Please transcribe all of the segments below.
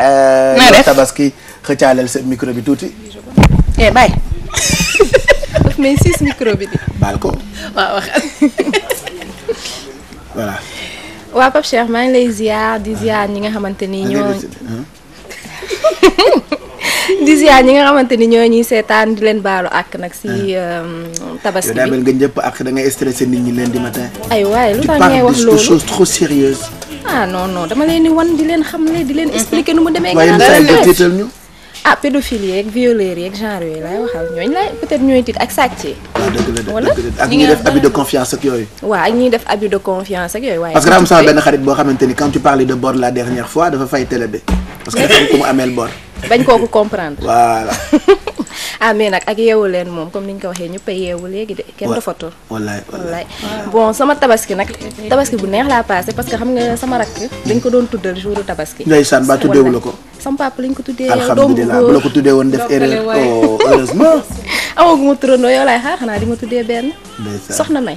Euh, na tabaski xëccaaleel sa micro bi tuuti. eh bàyyi. may siis micro di. baal ko waaw wax voilà. waa Pape Cheikh maa ngi lay ziar di ziar ñi nga xamante ni ñoo. di ziar ñi nga xamante ni ñoo ñuy seetaan di leen baalu àkk nag si euh, tabaski bi yow daa mel nga ñëpp àkk da ngay stressé nit ñi leen di matin. ay waay lu tax ngay wax loolu ah non dama leen di wan di leen xamle di leen expliquer nu mu demee. waaye ah, laay waxal ñooñu laay peut-être ñooy tiit ak sàcc yi. Ah, ak ñiy def abus de confiance ak yooyu. waaw ak ñiy def abus de confiance ak yooyu waaye. parce que am sama benn xarit boo xamante ni quand tu parlais de bor la dernière fois dafa fay télé bi parce que dafa am ku mu ameel bor. bañ kooku comprendre. voilà. ah nag ak yeewu leen moom comme ni ñu ko waxee ñëpp a yeewu léegi de kenn dofatul wallaay wallaay bon sama tabaski nag tabaski bu neex laa passé parce que xam nga sama rakk dañ ko doon tuddal jouru tabaski ndeysaan ba tuddeewu la ko sama papa lañ ko tuddee alhamdulilah bu la ko tuddee woon def erreur oh, heureusement amagu ma turandoo yow laay xaar xanaa di ma tuddee benn soxna may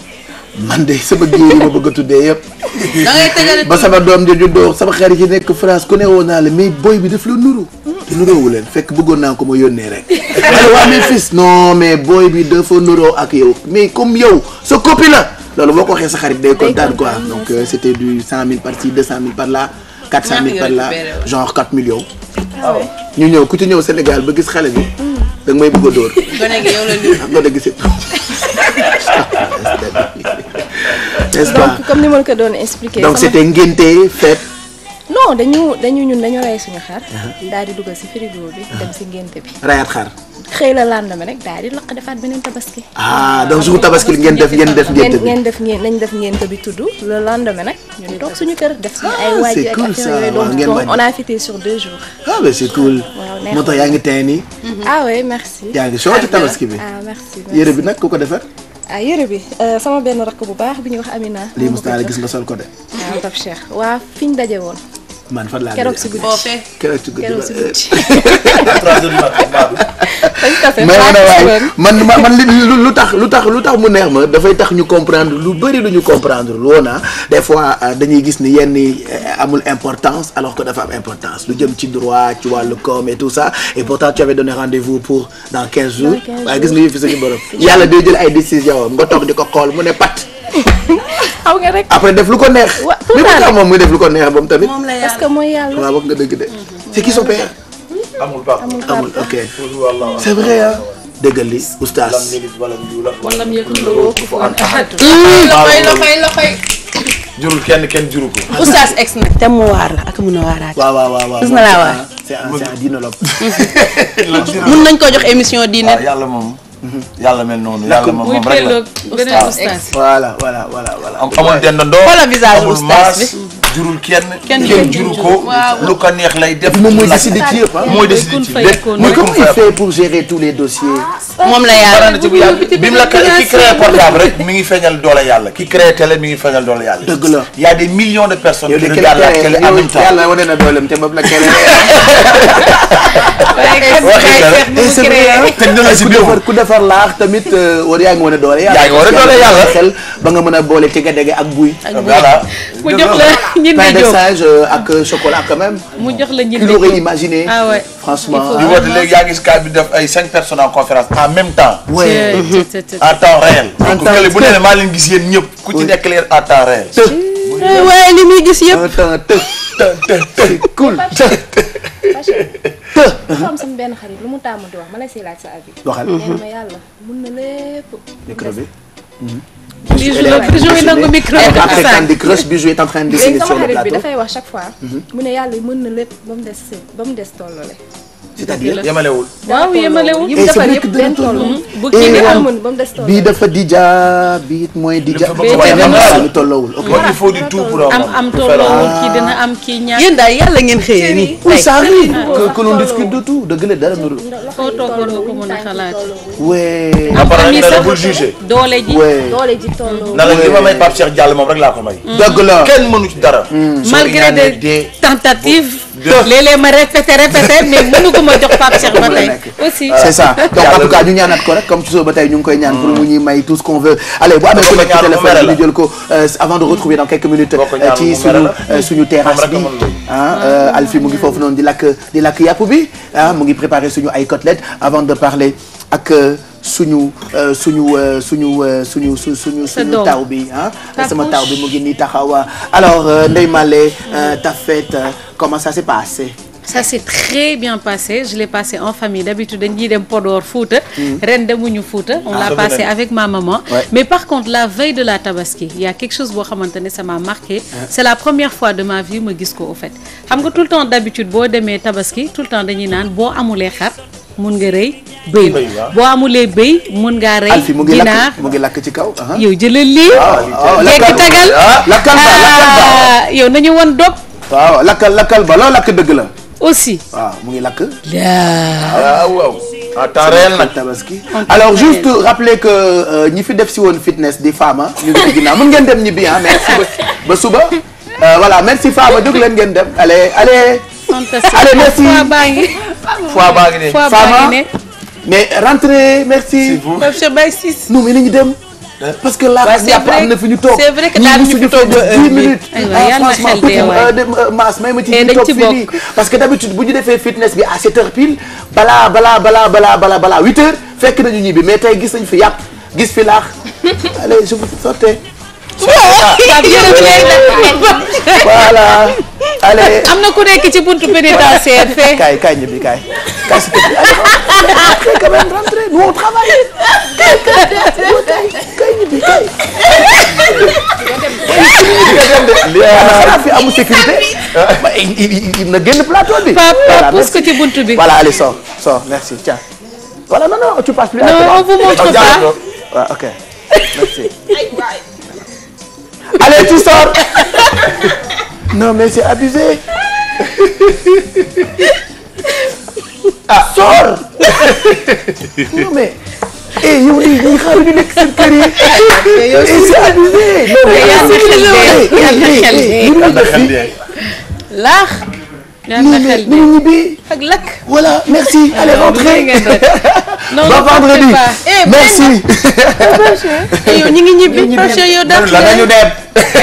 man de sama géer yi ma bëgg a tuddee yëpp. ba sama doom di juddoo sama xarit yi nekk France ku ne woon naa la mais boy bi daf la nuru. te nuroowu leen fekk bëggoon naa ko ma yónnee rek. allo waa mes fils non mais boy bi dafa nuroo ak yow mais comme yow sa copie la loolu boo ko waxee sa xarit day kontaan quoi donc euh, c' était du cent mille par ci deux cent mille par là. quatre cent mille par genre quatre millions. Ah ñu ñëw ku ci ñëw Sénégal ba gis xale bi. Hmm. danga may bëgg a dóor. gone gi n'est-ce pas donc comme ni ma la ko doon expliquer. donc c'était ngénte fête. non dañu dañu ñun dañu rey suñu xar. Uh-huh. daal di dugal si frigo bi. Uh-huh. dem si ngénte bi. reyaat xar. xëy la lendemain rek daal di laq defaat beneen tabaski. ah donc suñu tabaski ngeen def ngeen def ngénte bi ngeen def ngeen nañ def ngénte bi tudd. le lendemain nag ñu toog suñu kër def suñu ay ah, waaj ak affaire yooyu donc on a fêté sur deux jours. ah mais yaa ngi tey nii. ah oui merci. yaa ngi soo ci tabaski bi ah merci. yére bi nag ku ko defar. ah yëre bi euh, sama benn rakk bu baax bi ñuy wax Amina. lii mos naa la gis nga sol ko de. waaw ah, Pape Cheikh waa fi ñu daje woon. man fan laa. keroog si guddi foofee eh. man man lu tax lu tax lu tax mu neex ma dafay tax ñu comprendre lu bëri lu ñu comprendre woon ah. des fois ah, dañuy gis ni yenn eh, amul importance alors que dafa am importance lu jëm ci droit ci wàllu koom et tout ça et pourtant tu avais donné rendez pour dans 15 jours. waaye gis nga yëf fi borom. yàlla ay décisions nga toog di ko xool mu ne pat. xaw nga rek après def lu ko neex. wa tout à moom muy def lu ko neex moom tamit. moom parce que mooy yàlla. waaw wax nga amul papa amul ok. c'est vrai ah. dëggal li mu yëkkul kenn kenn juru ko. oustaz waaraat. mun nañ koo jox émission diine. waaw yàlla moom. Mhm. yàlla mel noonu. yàlla moom moom rek la muy beneen oustaz. voilà voilà voilà voilà. amul dendandoo amul maas jurul kenn. kenn juru ko lu ko neex lay def. moom mooy décider ci yëpp ah mooy décider ci yëpp mais comment il fait pour moom la yàlla ci bu yàgg bi mu la ki créé portable rek mi ngi feeñal doole yàlla ki créé télé mi ngi feeñal doole yàlla. dëgg la y a des millions de personnes. yow de kenn télé yow yàlla wane na dooleem te boobu la kenn. Ah. ku defar laax tamit euh, war yaa ngi yàlla. yaa ngi wane doole yàlla xel ba nga mën a boole ci ak buy. voilà ku jox la pain de singe euh, ak euh, chocolat quand même. mu jox la ñebe jox l'aurait imaginé. ah ouais franchement. il faut léegi yaa gis cas bi def ay cinq personnes en conférence en même temps. ouais mhm. en temps réel. en temps réel bu ne maa leen gis yéen ñëpp. ku ci nekk leen en temps réel. waaye eh li muy gis yëpp. en temps të të të të cool. dafa am sama benn xarit lu mu taamu di wax ma lay siy laaj sa avis. waxal nee na ma yàlla mun na lépp. micro bi. bijou nangu micro bi dafa sax bijou bijou est en de dessiner sur le plateau. dafay wax chaque fois. Mhm. mu ne yàlla mën na lépp ba mu des ba mu des tolloo c'est-à-dire yemalewul. waaw yemalewul bi bii dafa di jaa bii mooy di ja. waaye am tolloowul. di tout am tolloowul kii dina am kii ñaar. yéen daal yàlla ngeen xëyee nii. tey ça arrive que que de tout dëgg la dara nuru. foo toog war nga mën a xalaat. wee. am tamit sax doole ji doole ji tolloowul. na mm. la kenn mënu ci dara. Mm. malgré des tentatives. léeg-léeg ma répété répété mais mënu ko ma jox Pape Cheikh ba tey aussi euh, c'est ça donc en tout cas ñu ñaanat ko rek comme ci suba ba tey ñu ngi koy ñaan pour hmm. mu ñuy may tout ce qu'on veut allez bu amee ku nekk téléphone ñu jël ko euh, avant de retrouver dans euh, ah, mu ngi foofu noonu di lakk di lakk yàpp bi ah, mu ngi préparer suñu ay côtelettes avant de parler ak suñu euh, suñu euh, suñu euh, suñu su suñu suñu taw bi ah sama taw bi mu ngi nii taxawa ah. alors Ndeye Malé ta fête comment ça s'est passé ça s'est très bien passé je l'ai passé en famille d'habitude dañuy dem Podor Fouta hmm. ren ñu Fouta on ah, l'a passé avec ma maman mais par contre la veille de la Tabaski il y a quelque chose boo xamante ne ça m'a marqué ah. c'est la première fois de ma vie ma gis ko au fait xam nga tout le temps d'habitude boo demee Tabaski tout le temps dañuy naan boo amulee xar mun nga rëy bëy boo amulee bëy mun ngaa rëy ginaar mu ngi lakk ci kaw yow jëlal lii ah, ah, lekk tagal ah, lakkal ba lakkal ba nañu won dog waaw lakkal lakkal ba loo lakk dëgg la aussi waaw mu ngi lakk laa waaw en temps réel nag tabaski alors juste euh, fi def si woon fitness di Fama ñu ngi ginnaaw mun ngeen dem ñibbi ah ba suba euh, voilà merci Fama jóg leen ngeen dem allez allez merci foie baa ngi ne foie baa ngi dem. parce que la yàpp am na fi ñu toog. c'est vrai que daal ñu fi toog dix minutes. Ah, franchement maas may ma ci ñu toog fii nii parce que d'habitude bu ñu defee fitness bi à sept heures pile balaa balaa balaa huit heures fekk nañu ñibbi mais tey gis nañ fi yàpp gis fi laax allez je vous sortez. voilà. allez am na ku nekk ci buntu pénitentiaire fee. kaay kaay ñibbi kaay. kaay si kër gi allez on quand même rentrer nous on travaille. kaay kaay kaay ñibbi kaay. xanaa fi amul sécurité. na génn plateau bi. voilà pousse ko ci buntu bi. voilà allez so so merci tiens. voilà non non tu passes plus. non on vous montre pas waaw ok merci. allez tu sors. non mais c'est abusé. ah sors. non mais. eh yow lii ñuy xaar ñu nekk seen kër yi. Ah, yow eh, c'est abusé. non mais laax. ñaata xel bi ñibbi ak lakk. voilà merci allez rentrez ba vendredi eh, merci. yow ñu ngi ñibbi prochain yow dàq la nañu dem.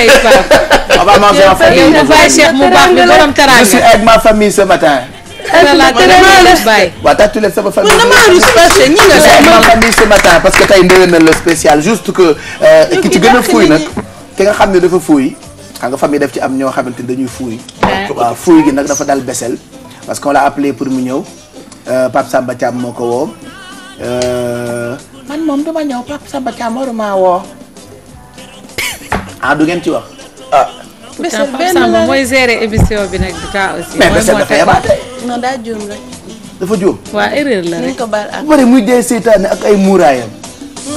on va manger en famille. yow dafa Cheikh mu baax mi borom teraanga je suis avec ma famille ce matin. voilà te la sama famille. ma famille ce matin parce que tey ndewenal la spécial juste que. Euh, ki ci gën a fuuy nag. ki nga xam ne dafa fuuy. xam nga famille daf ci am ñoo xamante ni dañuy fuuy. Ah. waaw fuuy gi nag dafa dal besel parce qu'on l'a appelé pour mu ñëw euh, Pape Samba Thiam moo ko woo. Euh, man moom duma ñëw Pape Samba Thiam woo. ah du ngeen ci wax ah. Bessél benn la mooy gérer émission bi nag kaa aussi. mais Bessél dafa yabaate. non daa ko baal ak. bu ak ay muuraayam.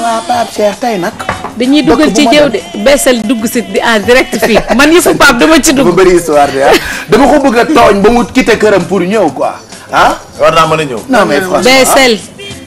waaw tey nag. dañuy duggal ci jëw de Bessél dugg si di en direct fii man yëfu Pape dama ci dugg. dafa bëri histoire ah. dama ko bëgg tooñ ba mu quitté këram pour ñëw ko ah. war naa mën a ñëw. non mais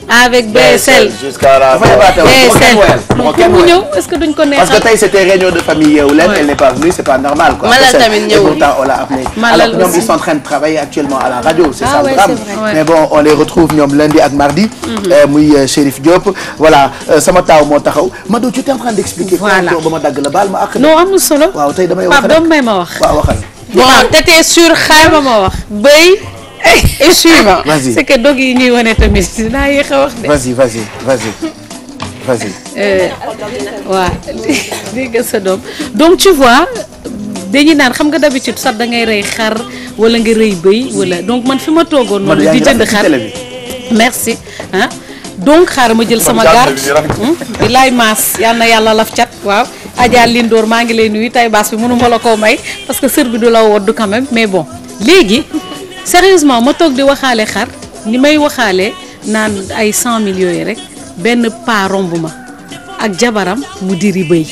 avec BSL jusqu'à la BSL mu ñëw est-ce que duñ ko neexal parce que tey c'était réunion de famille yeewu leen elle n'est pas venue c'est pas normal quoi malal tamit ñëw pourtant on l'a appelé alors ñoom ils sont en train de travailler actuellement à la radio c'est ah ça le drame mais bon on les retrouve ñoom lundi ak mardi mhm. euh, muy euh, Chérif Diop voilà euh, sama taaw moo taxaw Mado tu es en train d'expliquer voilà ba ma dagg la baal ma ak non amul solo waaw tey damay wax rek Pape doom may ma wax waaw waxal bon te t'es sûr xaar ma ma wax béy Eh, et suivant. vas-y c'est dog yi ñuy wane tamit dinaa yéex a wax de. vas-y vas-y vas-y vas euh, waaw dégg sa doom donc tu vois dañuy naan xam nga d'habitude sax da ngay rey xar wala nga rey bëy wala donc man fi ma toogoon noonu. di jënd xar merci donc xaar ma jël sama gaar di hmm? laay maas yal na yàlla laf cat waaw Adja Lindoor maa ngi lay nuyu tay baas bi mënuma la koo may parce que sër bi du la wodd quand mais bon léegi sérieusement ma toog di waxaale xar ni may waxaale naan ay cent mille yooyu rek benn paa romb ma ak jabaram mu diri bëy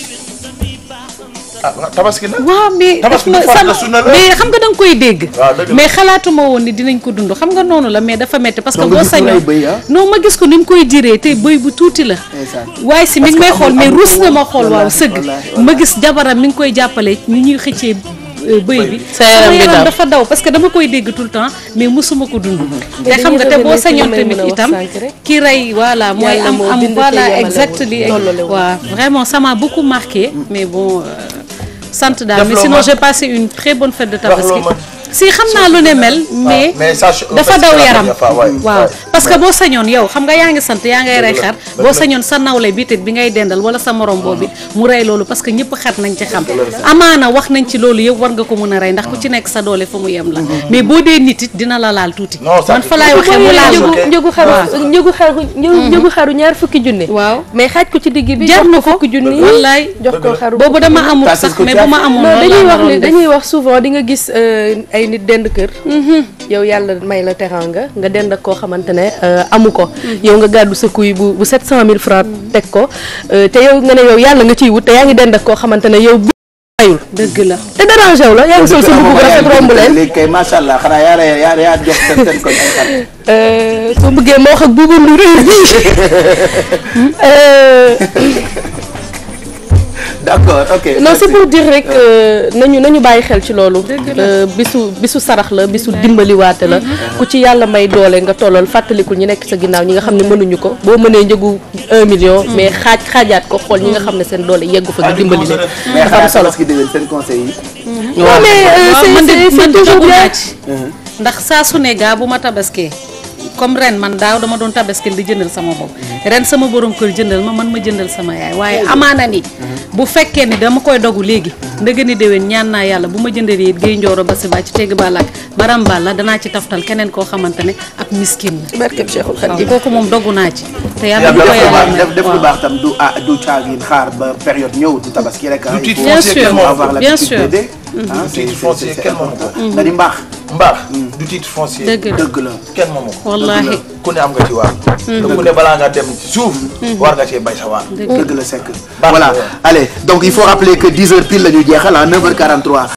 ah, tabaski nag waaw mais mais xam nga da nga koy dégg mais xalaatuma woon ni dinañ ko dund xam nga noonu la mais dafa metti parce que boo sañoo ah? non ma gis ko ni mu koy diree te bëy bu tuuti la waaye si mi ngi may xool mais ruus na ma xool waaw sëgg ma gis jabaram mi ngi koy jàppale ni ñuy xëccee Euh, bëy bi sama yaram dafa daw parce que dama koy dégg tout le temps mais mosuma ko dund mm-hmm. te xam nga te boo sañoon tamit itam ki rey voilà mooy am am voilà exactly waaw vraiment ça m'a beaucoup marqué mais bon euh, sant daal mais sinon j'ai passé une très bonne fête de tabaski si xam naa lu ne mel. Ah, mais dafa daw yaram. waaw parce que boo sañoon yow xam nga yaa ngi sant yaa ngay rey xar. boo sañoon sa nawle bi tëj bi ngay dendal wala sa morom boobu mu rey loolu que ñëpp xar nañ ci xam. amaana wax nañ ci loolu yëpp war nga ko mën a rey ndax ku ci ah. nekk sa doole fa mu yem la. Mm-hmm. mais boo dee nit it dina la fukki junni. waaw mais xaaj ko bi. jar na ko dama amul sax mais bu ma amoon dañuy wax souvent di nga gis euh, ay nit dend kër. Mhm. yow yàlla may la teranga nga dend ak koo xamante ne euh, amu ko. Mhm. yow nga gàddu sa kuy bu bu 700000 francs mhm. teg ko euh, te yow nga ne yow yàlla nga ciy wut te yaa ngi dend ak koo xamante ne yow. ayul dëgg la te dérangé wu la yaa ngi sol sa mbubb bu rafet romb leen léegi kay macha allah xanaa yaa rey yaa euh, soo bëggee ma wax ak Boubou Ndour d'accord ok non c'est pour dire rek euh, nañu nañu bàyyi xel ci loolu. Euh, bisu bisu sarax la bisu dimbaliwaate la. Mm-hmm. ku ci yàlla may doole nga tollool fàttalikul ñi nekk sa ginnaaw ñi nga xam ne mënuñu ko boo mënee njëgu 1 million. Mm-hmm. mais xaaj xaajaat ko xool ñi nga xam ne seen doole yeggu fa. nga dimbali leen dafa am solo seen conseil yi. non mm-hmm. euh, ndax saa su ne gaa bu ma tabaskee. comme ren man daaw dama doon tabaskil di jëndal sama bopp mhm. ren sama boroom kër jëndal ma man ma jëndal sama yaay waaye amaana ni mhm. bu fekkee ni dama koy dogu léegi mhm. ndëgë ni déwén ñaan naa yàlla bu ma jëndalee it géy njooro ba si ba ci tegg bala ak baram bala danaa ci taftal keneen koo xamante ne ab miskin la barkeb Cheikhul Khadim kooku moom dogu naa ci te yàlla bu ko yàlla def lu baax tam du ah, du caagin xaar ba période ñëw ti tabaski rek ah, bien sûr bien ah, sûr mbaax mm. du titre foncier dëgg la kenn moomu ko wallaahi am nga ci waar mm-hmm. te ku ne balaa nga dem ci suuf mm-hmm. war nga cee bay sa waar dëgg la sekk voilà allez donc il faut rappeler que 10 la ñu jeexal à 9h43